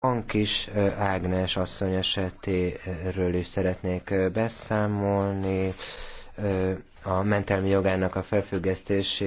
Ankis Ágnes asszony esetéről is szeretnék beszámolni. A mentelmi jogának a felfüggesztését